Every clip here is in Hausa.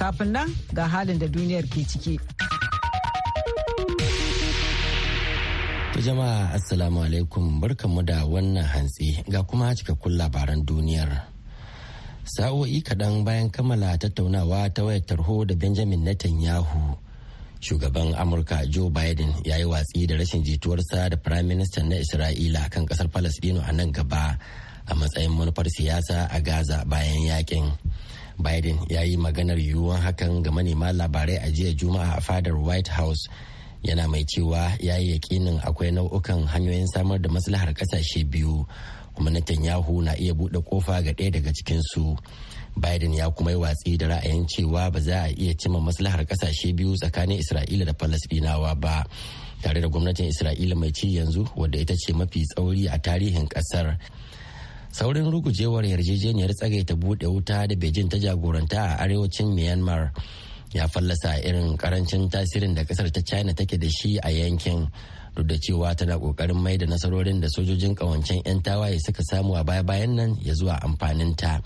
Kafin nan ga halin da duniyar ke ciki. jama'a assalamu alaikum barkanmu da wannan hantsi ga kuma cikakkun labaran duniyar sa'o'i kaɗan bayan kammala tattaunawa ta wayar tarho da benjamin netanyahu shugaban amurka joe biden ya yi watsi da rashin jituwarsa da prime minister na isra'ila kan kasar palestina a nan gaba a matsayin manufar siyasa a gaza bayan yakin. biden ya yi maganar yiwuwan hakan ga manema labarai a jiya juma'a a fadar white house yana mai cewa ya yi yakinin akwai nau'ukan hanyoyin samar da maslahar kasashe biyu kuma netanyahu na iya buɗe kofa ga ɗaya daga cikinsu biden ya kuma yi watsi da ra'ayin cewa ba za a iya cimma maslahar kasashe biyu tsakanin isra'ila da falasɗinawa ba tare da gwamnatin isra'ila mai ci yanzu wadda ita ce mafi tsauri a tarihin ƙasar saurin rugujewar yarjejeniyar ta bude wuta da beijing ta jagoranta a arewacin myanmar ya fallasa irin karancin tasirin da kasar ta china take da shi a yankin duk da cewa tana kokarin mai da nasarorin da sojojin kawancen 'yan tawaye suka samu a baya-bayan nan ya zuwa ta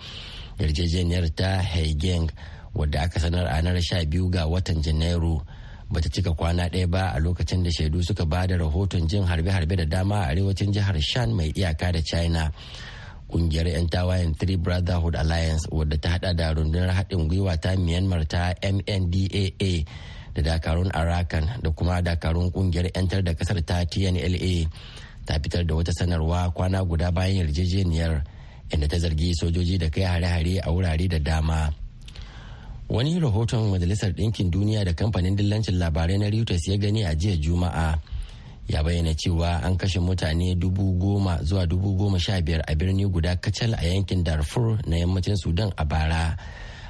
yarjejeniyar ta haigeng wadda aka sanar a ranar 12 ga watan janairu bata cika kwana ɗaya ba a lokacin da shaidu suka ba da rahoton jin harbe-harbe da dama a arewacin jihar shan mai iyaka da china kungiyar 'yan tawayen three brotherhood alliance wadda ta hada da rundunar haɗin gwiwa ta myanmar ta mndaa da dakarun arakan da kuma dakarun kungiyar 'yantar da kasar ta tnla ta fitar da wata sanarwa kwana guda bayan yarjejeniyar inda ta zargi sojoji da kai hare-hare a wurare da dama wani rahoton majalisar ɗinkin duniya da kamfanin dillancin labarai na reuters ya gani a jiya juma'a ya bayyana cewa an kashe mutane dubu goma zuwa dubu goma sha biyar a birni guda kacal a yankin darfur na yammacin sudan a bara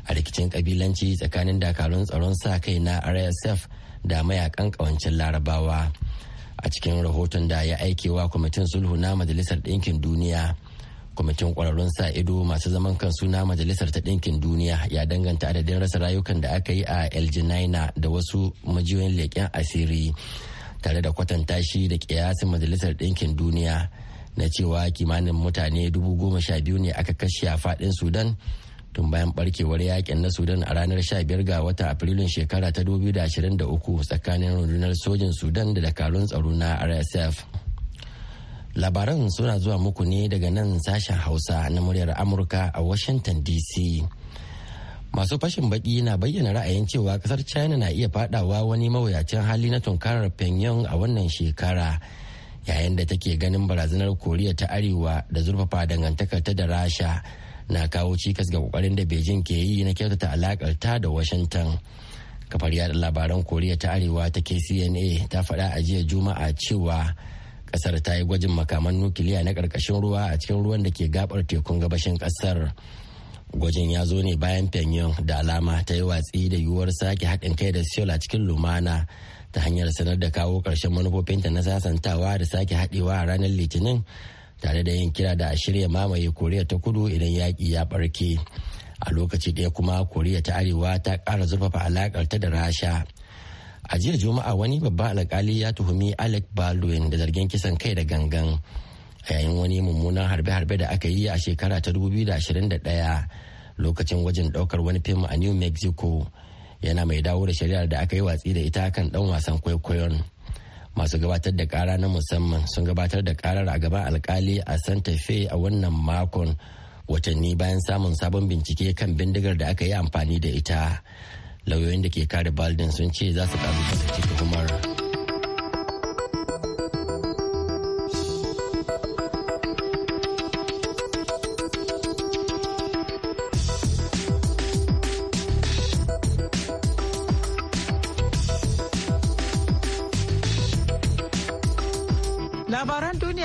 a rikicin kabilanci tsakanin dakarun tsaron sa kai na rsf da mayakan kawancin larabawa a cikin rahoton da ya aikewa kwamitin sulhu na majalisar ɗinkin duniya kwamitin kwararrun sa ido masu zaman kansu na majalisar ta ɗinkin duniya ya danganta adadin rasa rayukan da aka yi a eljinaina da wasu majiyoyin leƙen asiri tare da kwatanta shi da kiyasin majalisar ɗinkin duniya na cewa kimanin mutane dubu goma sha biyu ne aka kashe a faɗin sudan tun bayan barkewar yakin na sudan a ranar biyar ga watan afrilun shekara ta 2023 tsakanin rundunar sojin sudan da dakarun tsaro na rsf labaran suna zuwa muku ne daga nan sashen hausa na muryar amurka a washington dc masu fashin baki na bayyana ra'ayin cewa kasar china na iya fadawa wani mawuyacin hali na tunkarar pyongyang a wannan shekara yayin da take ganin barazanar koriya ta arewa da zurfafa dangantakar ta da rasha na kawo cikas ga kokarin da beijing ke yi na kyautata alakar ta da washington kafar yada labaran koriya ta arewa ta kcna ta faɗa a jiya juma'a cewa kasar ta yi gwajin makaman nukiliya na ƙarƙashin ruwa a cikin ruwan da ke gabar tekun gabashin ƙasar. gwajin ya zo ne bayan pyongyang da alama ta yi watsi da yiwuwar sake haɗin kai da seoul a cikin lumana ta hanyar sanar da kawo ƙarshen manufofinta na sasantawa da sake haɗewa a ranar litinin tare da yin kira da a shirya mamaye koriya ta kudu idan yaƙi ya ɓarke a lokaci ɗaya kuma koriya ta arewa ta ƙara zurfafa alaƙar ta da rasha a jiya juma'a wani babban alƙali ya tuhumi alec baldwin da zargin kisan kai da gangan a yayin wani mummunan harbe-harbe da aka yi a shekara ta 2021 lokacin wajen daukar wani fim a new mexico yana mai dawo da shari'ar da aka yi watsi da ita kan dan wasan kwaikwayon masu gabatar da kara na musamman sun gabatar da karar a gaban alkali a santa fe a wannan makon watanni bayan samun sabon bincike kan bindigar da aka yi amfani da ita lauyoyin da ke kare baldin sun ce za su kalubalanci tuhumar.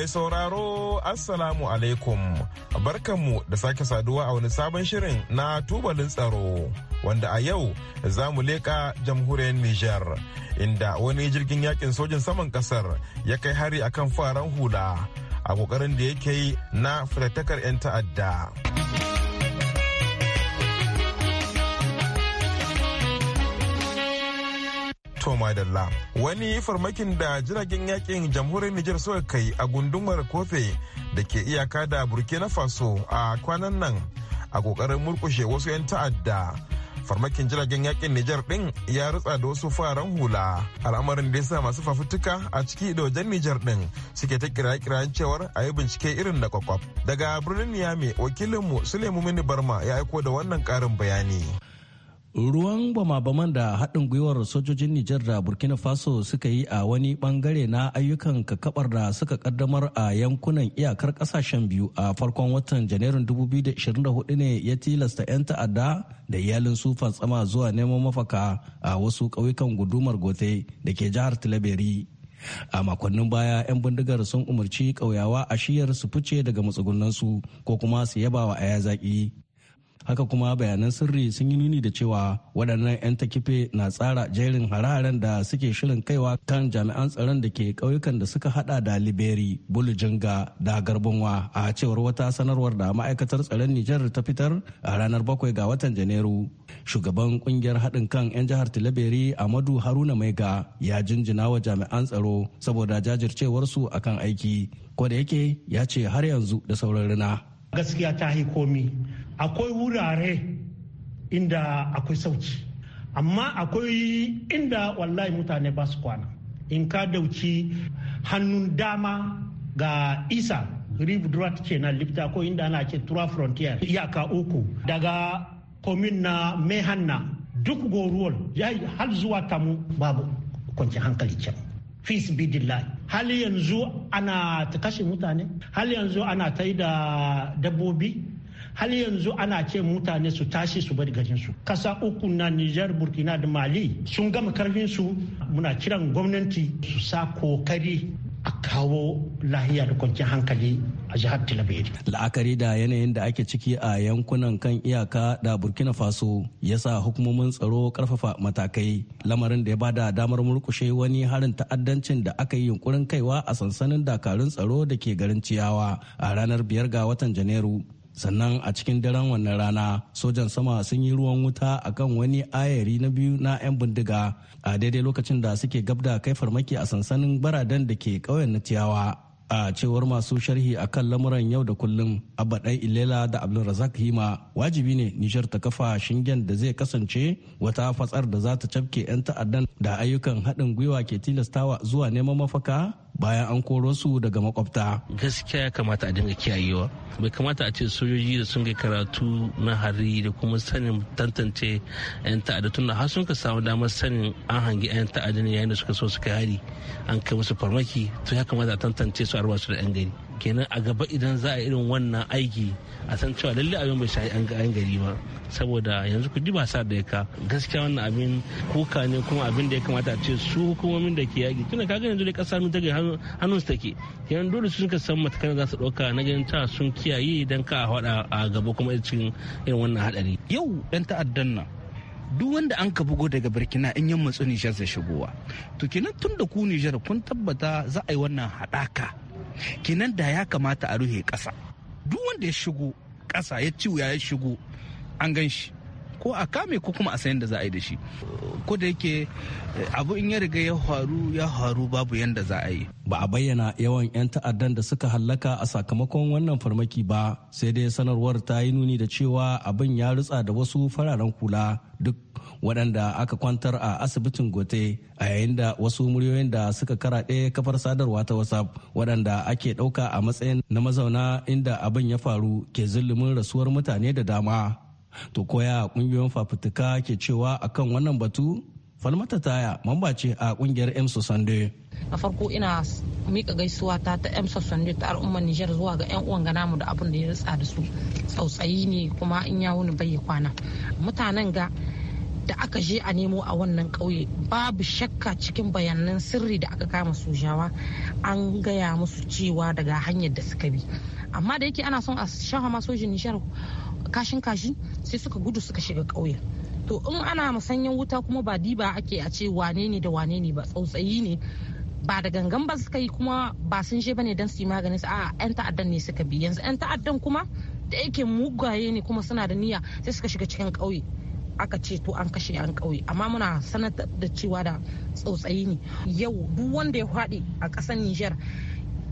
Mai sauraro Assalamu alaikum barkanmu da sake saduwa a wani sabon shirin na tubalin tsaro wanda a yau za mu leƙa jamhuriyar Nijar inda wani jirgin yakin sojin saman kasar ya kai hari akan faran hula a kokarin da yake yi na fitattakar 'yan ta'adda. Toma Dalla. wani farmakin da jiragen yakin jamhuriyar Nijar suka kai a gundumar kofe da ke iyaka da Burkina Faso a kwanan nan a kokarin murkushe wasu 'yan ta'adda. Farmakin jiragen yakin Nijar ɗin ya rutsa da wasu fararen hula al'amarin da ya sa masu fafutuka a ciki da wajen Nijar ɗin suke ta kiraye-kirayen cewar a yi bincike irin na kwakwaf. Daga birnin Niamey wakilinmu Suleiman Mini Barma ya aiko da wannan ƙarin bayani. ruwan bama-baman da haɗin gwiwar sojojin nijar da burkina faso suka yi a wani ɓangare na ayyukan kakabar da suka kaddamar a yankunan iyakar ƙasashen biyu a farkon watan janairun 2024 ne ya tilasta 'yan ta'adda da iyalin su fatsama zuwa neman mafaka a wasu ƙauyukan gudumar gote da ke jihar tilaberi a makonnin baya 'yan bindigar sun umarci ƙauyawa a shiyar su fice daga matsugunansu ko kuma su yaba wa aya zaki haka kuma bayanan sirri sun yi nuni da cewa waɗannan 'yan takife na tsara jerin hare-haren da suke shirin kaiwa kan jami'an tsaron da ke ƙauyukan da suka hada da liberi bulujinga da garbunwa a cewar wata sanarwar da ma'aikatar tsaron nijar ta fitar a ranar bakwai ga watan janairu shugaban kungiyar haɗin kan 'yan jihar tilaberi amadu haruna maiga ya jinjina wa jami'an tsaro saboda jajircewarsu akan aiki ko yake ya ce har yanzu da sauran rina gaskiya ta komi akwai wurare inda akwai sauki amma akwai inda wallahi mutane ba su kwana in ka dauki hannun dama ga isa rive droit na lifta ko inda ana ce tura frontier iyaka uku daga komin na mehanna duk goruwar ya har zuwa tamu babu kwanci hankali can fis bidillahi hali yanzu ana ta kashe mutane hali yanzu ana ta yi da dabbobi har yanzu ana ce mutane su tashi su bar garinsu. su kasa uku na Niger Burkina da Mali sun gama karfin su muna kiran gwamnati su sa kokari a kawo lahiya da kwanciyar hankali a jihar tilabiri La'akari da yanayin da ake ciki a yankunan kan iyaka da Burkina Faso ya sa hukumomin tsaro karfafa matakai lamarin da ya bada damar murkushe wani harin ta'addancin da aka yi yunkurin kaiwa a sansanin dakarun tsaro da ke garin Ciyawa a ranar biyar ga watan Janairu. sannan a cikin daren wannan rana sojan sama sun yi ruwan wuta akan wani ayari na biyu na 'yan bindiga a daidai lokacin da suke gab da kai farmaki a sansanin baradan da ke ƙauyen na a cewar masu sharhi akan lamuran yau da kullum abadan ilela da abdulrazak hima wajibi ne nijar ta kafa shingen da zai kasance wata fatsar da za ta cafke 'yan ta'addan da ayyukan haɗin gwiwa ke tilastawa zuwa neman mafaka bayan an koro su daga makwabta. Gaskiya ya kamata a dinga kiyayewa. Bai kamata a ce sojoji da sun kai karatu na hari da kuma sanin tantance 'yan ta'adda tun har sun ka samu damar sanin an hangi 'yan ta'adda ne yayin da suka so su kai hari an kai musu farmaki to ya kamata a tantance su a su da 'yan gari. Kenan a gaba idan za a irin wannan aiki a san cewa lalle abin bai shahi an gari ba saboda yanzu ku ba sa da ka gaskiya wannan abin kuka ne kuma abin da ya kamata ce su hukumomin da ke yaki tunda ka yanzu da kasa mun daga hannun su take yan dole su suka san matakan za su dauka na ganin ta sun kiyaye dan ka hada a gaba kuma cikin irin wannan hadari yau dan ta'addan nan duk wanda an ka bugo daga burkina in yan matsu nijar zai shigowa to kenan tun da ku nijar kun tabbata za a yi wannan hadaka kenan da ya kamata a ruhe kasa. duk wanda ya shigo ƙasa ya ci ya shigo an gan shi ko a kame ko kuma a sayan da za a yi da shi ko da yake eh, abu in ya riga ya faru ya faru babu yadda za a yi ba a bayyana yawan 'yan ta'addan da suka hallaka a sakamakon wannan farmaki ba sai dai sanarwar ta yi nuni da cewa abin ya rutsa da wasu fararen kula duk waɗanda aka kwantar a asibitin gote a yayin da wasu muryoyin da suka karaɗe kafar sadarwa ta whatsapp waɗanda ake ɗauka a matsayin na mazauna inda abin ya faru ke zulumin rasuwar mutane da dama to koya kungiyoyin fafutuka ke cewa akan wannan batu falmata taya mamba ce a kungiyar m sande a farko ina mika gaisuwa ta ta m sande ta al'ummar nijar zuwa ga yan uwan ganamu da abin da ya ritsa da su tsautsayi ne kuma in ya wuni bai kwana mutanen ga da aka je a nemo a wannan ƙauye babu shakka cikin bayanan sirri da aka kama sojawa an gaya musu cewa daga hanyar da suka bi amma da yake ana son a shafa masojin nishar kashin kashi sai suka gudu suka shiga kauye to in ana musanyen wuta kuma ba diba ake a ce wane ne da wane ne ba tsautsayi ne ba da gangan ba suka yi kuma ba sun je bane don su yi magani a yan ta'addan ne suka bi yanzu yan ta'addan kuma da yake mugaye ne kuma suna da niyya sai suka shiga cikin ƙauye aka ce to an kashe an ƙauye amma muna sanar da cewa da tsautsayi ne yau duk wanda ya faɗi a ƙasar Nijar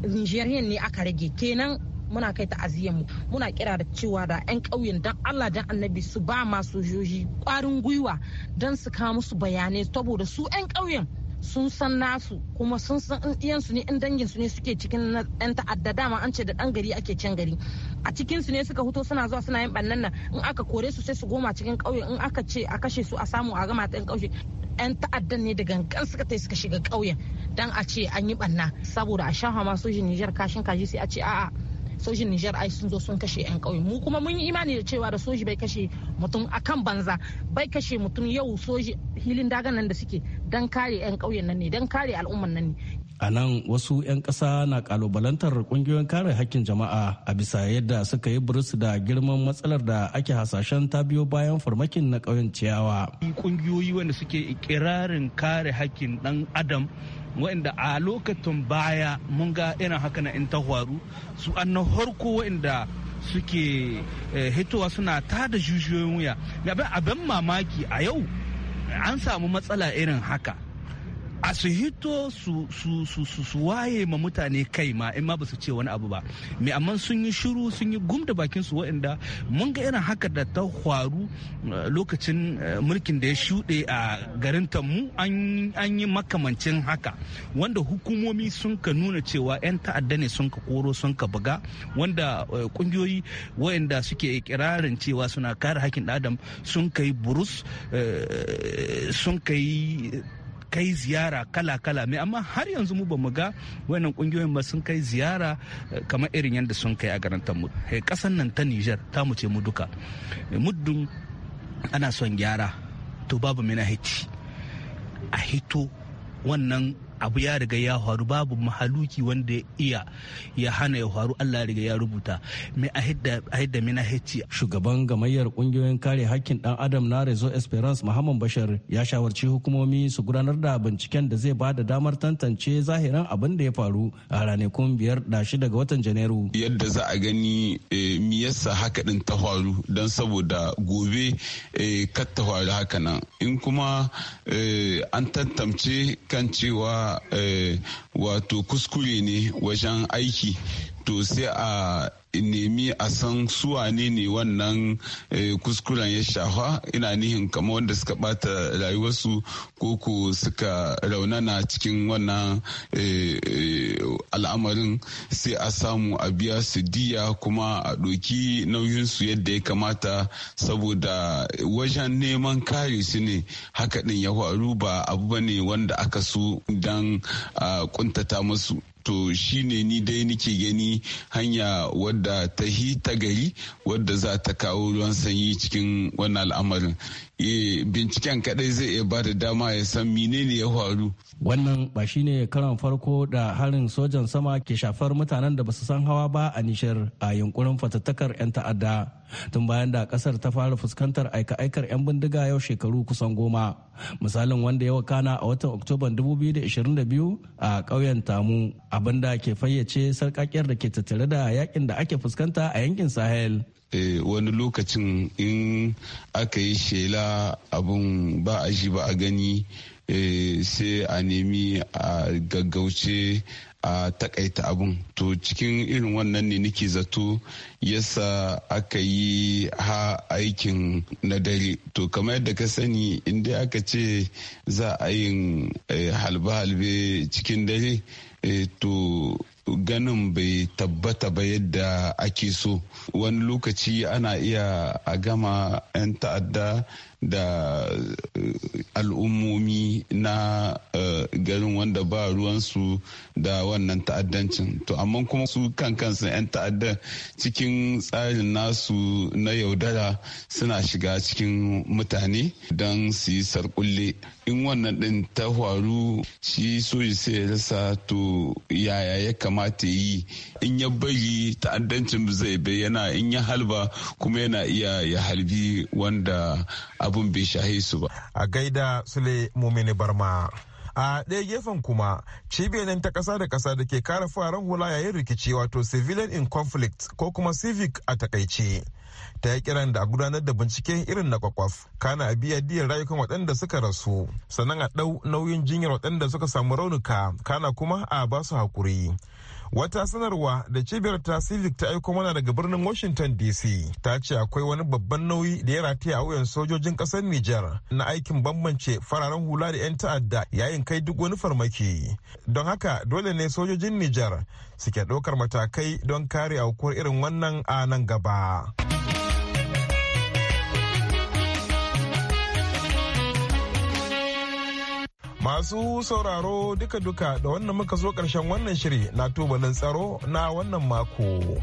Nijeriyan ne aka rage kenan muna kai ta'aziyyar mu muna kira da cewa da 'yan ƙauyen dan Allah dan annabi su ba ma joji ƙwarin gwiwa don su kawo musu bayanai saboda su 'yan ƙauyen sun san nasu kuma sun san su ne in danginsu ne suke cikin yan ta'adda dama an ce da dan gari ake can gari a cikin su ne suka huto suna zuwa suna yin bannan nan in aka kore su sai su goma cikin ƙauye in aka ce a kashe su a samu a gama ta ƙauye. yan ta'addan ne daga kan suka tai suka shiga kauyen dan a ce an yi banna saboda a shafa masu sojin kashin kaji sai a ce a'a sojin Nijar ai sun zo sun kashe 'yan ƙauye mu kuma mun yi imani da cewa da soji bai kashe mutum akan banza bai kashe mutum yau soji hilin dagan nan da suke don kare 'yan ƙauyen nan ne don kare al'umman nan ne. A nan wasu 'yan ƙasa na kalubalantar kungiyoyin kare hakkin jama'a a bisa yadda suka yi burus da girman matsalar da ake hasashen ta biyo bayan farmakin na ƙauyen ciyawa. kungiyoyi wanda suke ikirarin kare hakkin ɗan adam wa'inda a lokacin baya mun ga irin haka na in ta faru su an na harko wa'inda suke eh, hitowa suna ta da jujuyoyin wuya abin mamaki a yau an samu matsala irin haka a su hito su waye ma mutane kai ma in ma ba su ce wani abu ba mai amma sun yi shiru sun yi gum da bakin su waɗanda mun ga irin haka da ta faru eh, lokacin eh, mulkin da ya shuɗe a garin tamu an yi makamancin haka wanda hukumomi sun ka nuna cewa 'yan ta'adda ne sun ka koro sun ka buga wanda kungiyoyi eh, waɗanda suke ikirarin cewa suna kare hakin adam sun kai burus sun kai kai ziyara kala-kala mai amma har yanzu mu bamu ga wannan kungiyoyin ba sun kai ziyara eh, kamar irin yadda sun kai a garantar mu kasan eh, nan ta Niger ta mu ce mu duka eh, muddin ana son gyara to babu mina hiti a hito wannan abu ya riga ya faru babu mahaluki wanda ya iya ya hana ya faru Allah ya riga ya rubuta me a hidda mina hecci shugaban gamayyar kungiyoyin kare hakkin dan adam na Rezo Esperance Muhammad Bashir ya shawarci hukumomi su gudanar da binciken da zai bada damar tantance zahiran abin da ya faru a ranakun biyar da shida ga watan Janairu yadda za a gani eh, miyasa yasa haka din ta faru don saboda gobe eh, kar ta faru haka nan in kuma eh, an tantance kan cewa Eh, wato kuskure ne wajen aiki to sai a nemi a san suwane ne wannan eh, kuskuren ya shafa ina nihin kamar wanda suka bata rayuwarsu ko ko suka raunana cikin wannan eh, al'amarin sai a samu a biya su diya kuma a ɗoki nauyinsu yadda ya kamata saboda wajen neman kare su ne haka ɗin ya faru ba abu ba ne wanda aka so don kuntata masu to shine ni dai nike gani hanya wadda wadda ta hi ta gari wadda za ta kawo ruwan sanyi cikin wannan al'amarin Eh, binciken kadai zai iya ba da dama ya san menene ya faru. Wannan ba shi ne karan farko da harin sojan sama ke shafar mutanen da basu san hawa ba a Nishar a yunkurin fatattakar 'yan ta'adda. Tun bayan da kasar ta fara fuskantar aika-aikar 'yan bindiga yau shekaru kusan goma. Misalin wanda ya wakana a watan Oktoban 2022 a ƙauyen Tamu abinda ke fayyace sarƙaƙiyar da ke tattare da yakin da ake fuskanta a yankin Sahel. E wani lokacin in aka yi shela abun ba a shi ba a gani eh, sai a nemi a gaggauce a takaita abun to cikin irin wannan ne nake zato yasa aka yi ha aikin na dare to kamar yadda ka sani inda aka ce za a yin eh, halbe-halbe cikin dare to ganin bai tabbata ba yadda ake so wani lokaci ana iya a gama 'yan ta'adda da eh, al'ummomi na eh, garin wanda ba ruwansu da wannan ta'addancin to amma kuma su kan kansu 'yan ta'addan cikin tsarin nasu na yaudara suna shiga cikin mutane don su yi sarkulle in wannan din ta faru shi soji sai ya rasa to yaya ya kamata yi in ya bari ta'addancin zai bayyana in ya halba kuma yana iya ya halbi wanda abun bai shahe su ba. A gaida Sule Mumini Barma. a ɗaya gefen kuma cibiyar ta ƙasa da ƙasa da ke kare fararen hula yayin rikici wato civilian in conflict ko kuma civic a takaice ta yi kiran da a gudanar da bincike irin na kwakwaf kana a biya diyar rayukan waɗanda suka rasu sannan a ɗau nauyin jinyar waɗanda suka samu raunuka kana kuma a basu haƙuri wata sanarwa da cibiyar ta civic ta aiko mana daga birnin washington dc ta ce akwai wani babban nauyi da ya rataya a wuyan sojojin kasar Nijar. na aikin bambance fararen hula da 'yan ta'adda yayin kai duk wani farmaki don haka dole ne sojojin Nijar suke ɗaukar matakai don kare aukuwar irin wannan a nan gaba. Masu sauraro duka-duka da wannan muka zo ƙarshen wannan shiri na tubalin tsaro na wannan mako.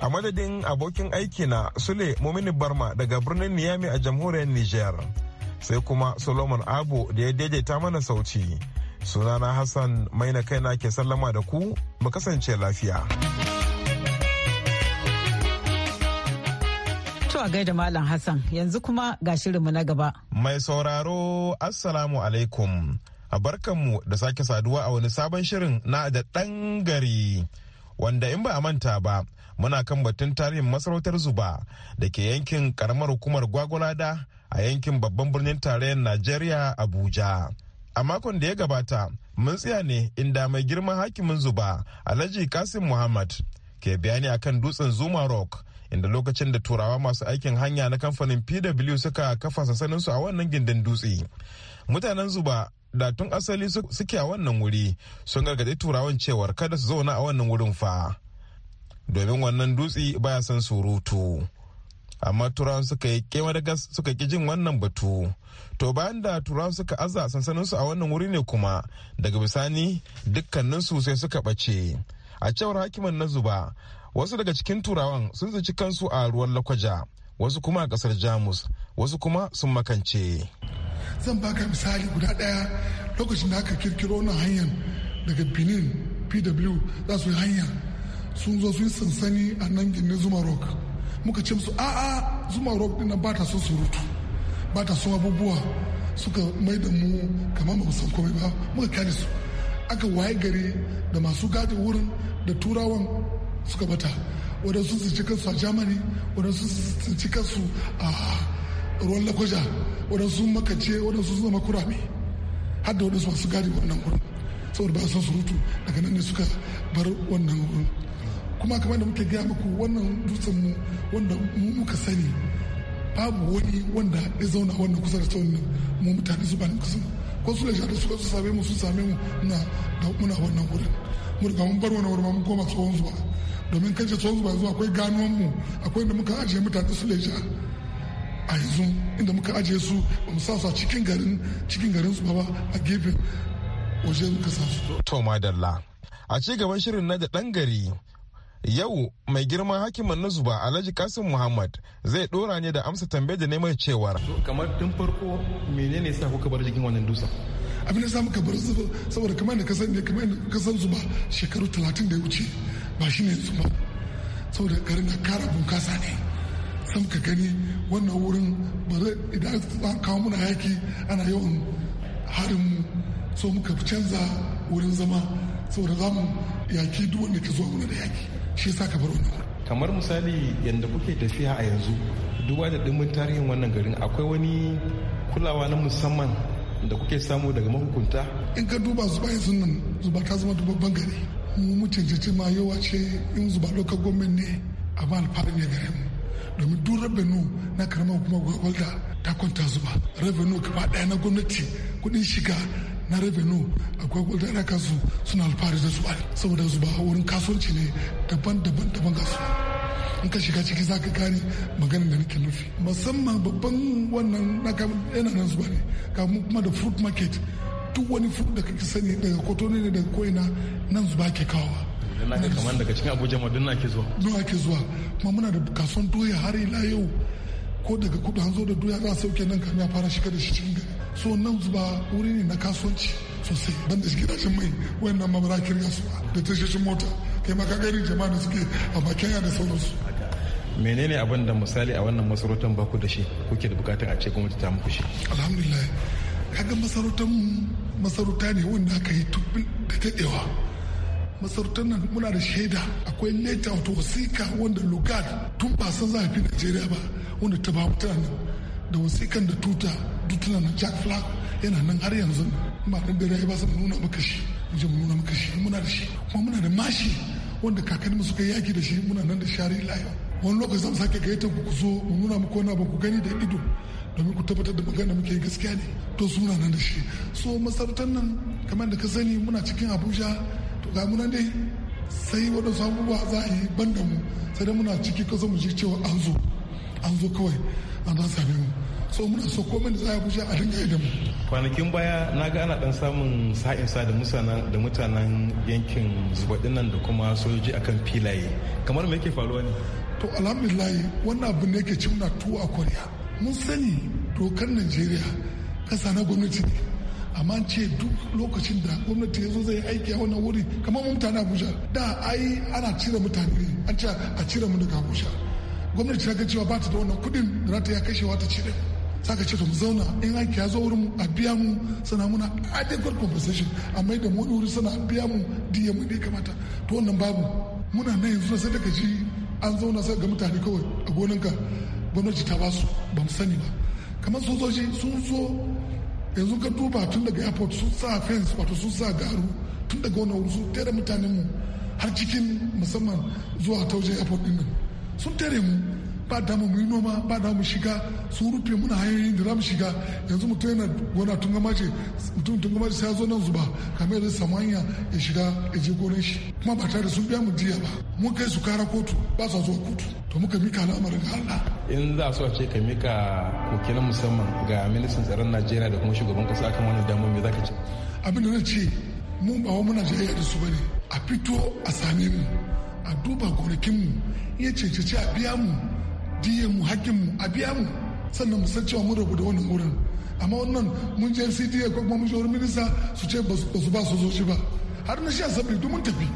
A madadin abokin aiki na Sule Mumini Barma daga birnin Niyami a jamhuriyar Nijar. Sai kuma Solomon Abu da ya daidaita mana sauti. Sunana Hassan maina kaina ke sallama da ku, mu kasance lafiya. To a gaida Malam Hassan yanzu kuma ga shirinmu na gaba. Mai sauraro Assalamu alaikum. a Barkanmu da sake saduwa a wani sabon shirin na da ɗan gari. Wanda in ba a manta ba muna kan batun tarihin masarautar zuba da ke yankin karamar hukumar gwagwalada a yankin babban birnin tarayyar Najeriya Abuja. A makon da ya gabata mun tsaya ne inda mai girman hakimin zuba Alhaji Kasim Muhammad ke bayani akan dutsen Zuma Rock inda lokacin da turawa masu aikin hanya na kamfanin pw suka kafa sansaninsu a wannan gindin dutse mutanen zuba da tun asali suke a wannan wuri sun gargaɗi turawan cewar kada su zauna a wannan wurin fa domin wannan dutse baya son surutu amma turawan suka yi kema da gas suka ki jin wannan batu to bayan da turawan suka aza sansaninsu a wannan wuri ne kuma daga bisani dukkaninsu sai suka ɓace. a cewar hakiman na zuba wasu daga cikin turawan sun zaci kansu a ruwan lakwaja wasu kuma a kasar jamus wasu kuma sun makance zan baka misali guda daya lokacin da aka kirkiro wannan hanyar daga benin pw za su yi hanya sun zo sun sansani a nan gini zuma rock muka ce musu a'a zuma rock din ba ta son surutu ba ta son abubuwa suka mai da mu kamar ba san komai ba muka kyale su aka waye gari da masu gadi wurin da turawan suka bata wadansu su ci kansu a germany wadansu su ci kansu a ruwan lakwaja wadansu makace wadansu su zama kurame har da wadansu masu gadi wannan wurin saboda ba su surutu daga nan ne suka bar wannan wurin kuma kamar da muke gaya muku wannan dutsen mu wanda mu muka sani babu wani wanda ya zauna wannan kusa da tsaunin mu mutane su ba kusa ko da da suka su same mu su same mu na da muna wannan wurin mu riga mun bar wani wurin mun koma tsohon zuwa domin kan tsohon zuwa yanzu akwai ganuwan mu akwai inda muka ajiye mutane su leja a yanzu inda muka ajiye su ba mu sa cikin garin cikin garin su ba a gefen waje muka sa su. To madalla a ci gaban shirin na da ɗan gari Yau mai girman hakiman na zuba Alhaji Kasim Muhammad zai dora ne da amsa tambayar da neman cewar. Kamar tun farko menene sa kuka bar jikin wannan dusa? Abin da samu kabar zuba saboda kamar da kasan ne kamar kasan zuba shekaru talatin da ya wuce ba shi ne zuba. Saboda garin na kara bunkasa ne. Sam ka gani wannan wurin zai idan an kawo muna yaki ana yawan harin mu so muka canza wurin zama saboda zamu yaki duk wanda ke zuwa muna da yaki. shi sa ka bar wani kamar misali yadda kuke tafiya a yanzu duba da dimbin tarihin wannan garin akwai wani kulawa na musamman da kuke samu daga mahukunta in ka duba zuba yanzu nan zuba ta zama dubabban gari mu mutuntace ma yawa ce in zuba ɗaukar gwamnati ne a ba alfarin ya gare mu domin duk rabenu na karamar hukumar gwalda ta kwanta zuba rabenu gaba ɗaya na gwamnati kuɗin shiga na revenue akwai kudin ana kasu suna alfahari da su ba saboda su ba wurin kasuwanci ne daban-daban daban kasu in ka shiga ciki zaka gane maganin da nake nufi musamman babban wannan na yana nan zuwa ne kamun kuma da fruit market duk wani fruit da kake sani daga kotoni ne daga koina nan zuba ke kawo. na ga kamar daga cikin abuja ma don na ke zuwa duk ake zuwa kuma muna da kasuwan doya har ila yau ko daga kudu an zo da doya za a sauke nan kamar ya fara shiga da shi cikin gari so nan zuba wuri ne na kasuwanci sosai ban da gidajen mai wayannan ma ba za kirga su da tashoshin mota kai ma ka gani jama'a da suke a bakin da sauransu menene abin da misali a wannan masarautar baku da shi kuke da bukatar a ce gwamnati ta muku shi alhamdulillah kaga masarautar mu masarauta ne wanda aka yi tubin da dadewa masarautar nan muna da shaida akwai leta wato wasika wanda lugal tun ba san zafi najeriya ba wanda ta ba mutane da wasikan da tuta duk na jack flag yana nan har yanzu ba ɗan bera ba sun nuna maka shi mu nuna maka shi muna da shi kuma muna da mashi wanda su suka yaki da shi muna nan da shari'a layo wani lokaci zamu sake gayyatar ku zo mu nuna muku wani ba ku gani da ido domin ku tabbatar da magana muke gaskiya ne to suna nan da shi so masarautar nan kamar da ka sani muna cikin abuja to ga muna dai sai waɗansu abubuwa za a yi ban da mu sai dai muna ciki kasa mu ji cewa an zo an zo kawai an za same mu so mun so komai da za a a dinga idan mu kwanakin baya na ga ana dan samun sa'insa da mutanen da mutanen yankin zubaɗin nan da kuma sojoji akan filaye kamar me yake faruwa ne to alhamdulillah wannan ne ne yake na tuwo a koriya mun sani dokar najeriya kasa na gwamnati ne amma ce duk lokacin da gwamnati ya zo zai aiki a wannan wuri kamar mutane abuja da ai ana cire mutane an ce a cire mu daga abuja gwamnati ta ga cewa ba ta da wannan kudin da za ta ya kashewa ta cire ka ce to mu zauna in aiki ya zo wurin a biya mu suna muna adequate compensation amma da mu wuri suna biya mu diya mu ne kamata to wannan babu muna nan yanzu sai daga ji an zauna sai ga mutane kawai a gonanka gwamnati ta basu ba mu sani ba kamar sojoji sun zo yanzu ka duba tun daga airport sun sa fence wato sun sa garu tun daga wani wuri sun tere mutanen mu har cikin musamman zuwa tauje airport din sun tere mu ba da mu yi noma ba da mu shiga sun rufe muna hanyoyin da za mu shiga yanzu mutum yana gona tun gama ce mutum tun gama ce sai ya zo nan zuba kamar yanzu samu hanya ya shiga ya je gonar shi kuma ba tare da sun biya mu jiya ba mun kai su kara kotu ba sa zuwa kotu to muka mika al'amarin ga Allah. in za so a ce ka mika koke na musamman ga ministan tsaron najeriya da kuma shugaban kasa akan wannan damar me za ka ce. abin da na ce mun ba wa muna jayayya da su bane a fito a same mu a duba gonakinmu ya ce a biya mu diyan mu hakkin mu a biya mu sannan mu san cewa mu rabu da wannan wurin amma wannan mun je cda ko kuma mun minista su ce ba su ba su zo shi ba har na shi a sabbi mun tafi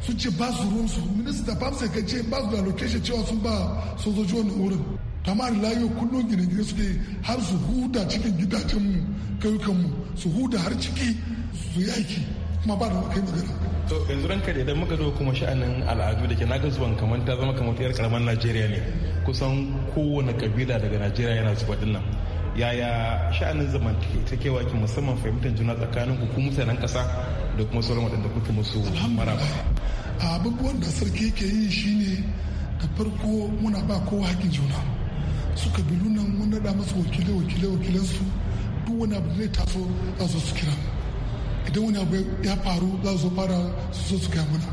su ce ba su ruwan su minista ba su kai ce ba su da location cewa sun ba sojoji jiwon wurin da layo kullum gine-gine suke har su huda cikin gidajen mu kayukan mu su huda har ciki su yaki kuma ba da kai magana to yanzu ranka da idan muka zo kuma sha'anin al'adu da ke na ga zuwan kamar ta zama kamar yar karamar najeriya ne kusan kowane kabila daga najeriya yana zuwa dinnan yaya sha'anin zamantakewa ke musamman fahimtar juna tsakanin ku sanan kasa da kuma sauran waɗanda kuke musu maraba abubuwan da sarki ke yi shine da farko muna ba kowa hakin juna su kabilu nan mun naɗa masu wakile wakile wakilansu duk wani abu ta zai taso za su kira idan wani abu ya faru za su fara su so su kai muna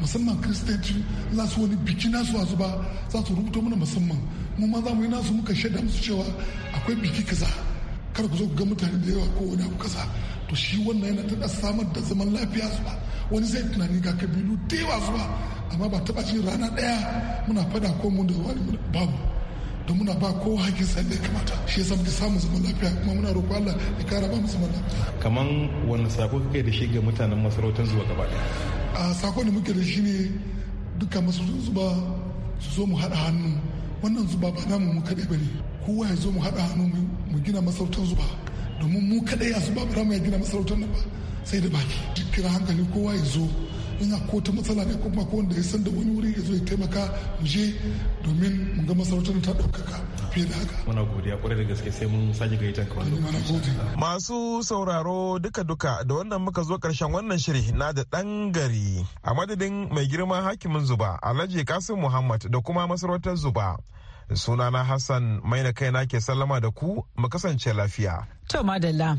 musamman kristanci za su wani biki nasu a zuba za su rubuto mana musamman mu ma za mu yi nasu muka shaida musu cewa akwai biki kaza kar ku zo ku ga mutane da yawa ko wani abu kaza to shi wannan yana tada samar da zaman lafiya su ba wani zai tunani ga kabilu da yawa ba amma ba taba cin rana ɗaya muna fada ko mun da babu da muna ba kowa hakkin sa da kamata shi yasa muke samun zaman lafiya kuma muna roƙo Allah ya kara ba mu zaman lafiya kaman wani sako kake da shi ga mutanen masarautar zuwa gaba a sako da muke da shi ne duka masu zuba su zo mu haɗa hannu wannan zuba ba namu mu kaɗai bane kowa ya zo mu haɗa hannu mu gina masarautar zuba domin mu kaɗai a zuba ba mu ya gina masarautar nan ba sai da baki duk kira hankali kowa ya zo in akwai wata matsala ne kuma ko wanda ya san da wani wuri ya zo ya taimaka mu je domin mu ga masarautar ta ɗaukaka fiye da haka. Muna godiya kwarai da gaske sai mun sake gayyatar ka wannan Masu sauraro duka-duka da wannan muka zo karshen wannan shiri na da ɗan gari a madadin mai girma hakimin zuba Alhaji Kasim Muhammad da kuma masarautar zuba. Sunana Hassan mai na kaina ke sallama da ku mu kasance lafiya. To madalla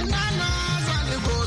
Ina na zaɓi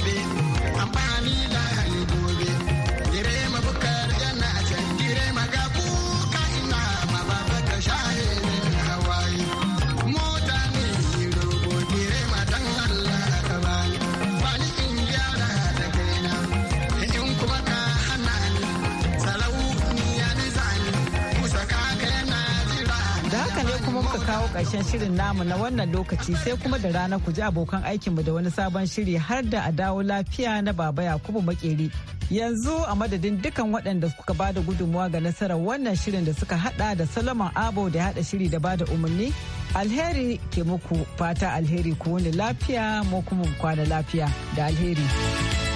Karshen shirin namu na wannan lokaci sai kuma da rana ku ji abokan aikinmu da wani sabon shiri har da a dawo lafiya na baba Yakubu Makeri. Yanzu a madadin dukan waɗanda suka ba da gudunmuwa ga nasarar wannan shirin da suka hada da Solomon Abo da hada shiri da ba da umarni. Alheri ke muku fata alheri ku wani lafiya mu kuma kwana lafiya da alheri.